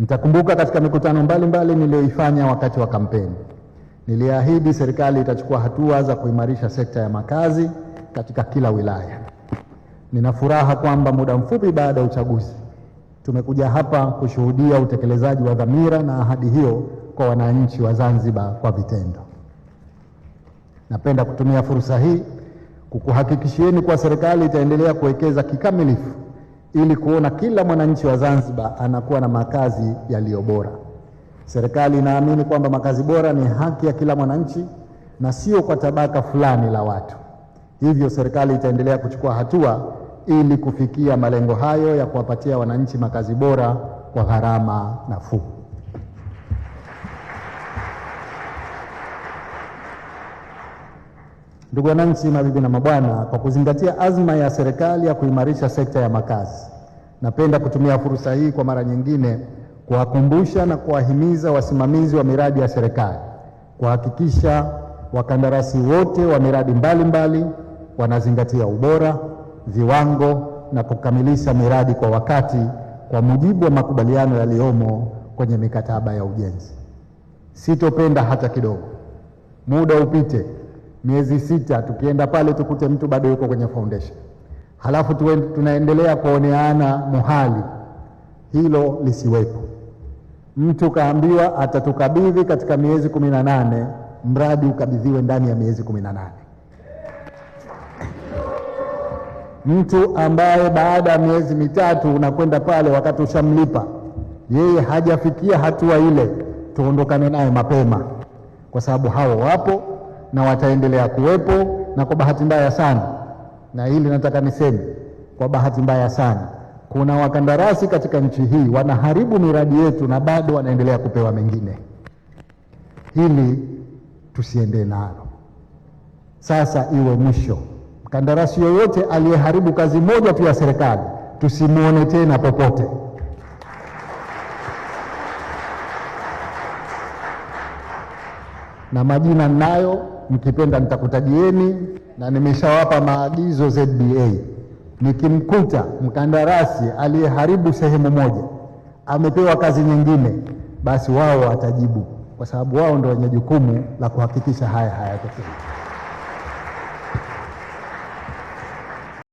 Mtakumbuka katika mikutano mbalimbali niliyoifanya wakati wa kampeni, niliahidi serikali itachukua hatua za kuimarisha sekta ya makazi katika kila wilaya. Nina furaha kwamba muda mfupi baada ya uchaguzi tumekuja hapa kushuhudia utekelezaji wa dhamira na ahadi hiyo kwa wananchi wa Zanzibar kwa vitendo. Napenda kutumia fursa hii kukuhakikishieni kuwa serikali itaendelea kuwekeza kikamilifu ili kuona kila mwananchi wa Zanzibar anakuwa na makazi yaliyo bora. Serikali inaamini kwamba makazi bora ni haki ya kila mwananchi na sio kwa tabaka fulani la watu. Hivyo serikali itaendelea kuchukua hatua ili kufikia malengo hayo ya kuwapatia wananchi makazi bora kwa gharama nafuu. Ndugu wananchi, mabibi na mabwana, kwa kuzingatia azma ya serikali ya kuimarisha sekta ya makazi, napenda kutumia fursa hii kwa mara nyingine kuwakumbusha na kuwahimiza wasimamizi wa miradi ya serikali kuhakikisha wakandarasi wote wa miradi mbalimbali mbali, wanazingatia ubora, viwango na kukamilisha miradi kwa wakati kwa mujibu wa makubaliano yaliyomo kwenye mikataba ya ujenzi. Sitopenda hata kidogo muda upite miezi sita, tukienda pale tukute mtu bado yuko kwenye foundation, halafu tuwe, tunaendelea kuoneana muhali. Hilo lisiwepo. Mtu kaambiwa atatukabidhi katika miezi kumi na nane, mradi ukabidhiwe ndani ya miezi kumi na nane. Mtu ambaye baada ya miezi mitatu unakwenda pale, wakati ushamlipa yeye hajafikia hatua ile, tuondokane naye mapema, kwa sababu hao wapo na wataendelea kuwepo, na kwa bahati mbaya sana, na hili nataka niseme, kwa bahati mbaya sana, kuna wakandarasi katika nchi hii wanaharibu miradi yetu na bado wanaendelea kupewa mengine. Hili tusiende nalo, sasa iwe mwisho. Mkandarasi yoyote aliyeharibu kazi moja tu ya serikali tusimwone tena popote. Na majina nayo mkipenda nitakutajieni, na nimeshawapa maagizo ZBA. Nikimkuta mkandarasi aliyeharibu sehemu moja amepewa kazi nyingine, basi wao watajibu, kwa sababu wao ndio wenye jukumu la kuhakikisha haya hayatokei.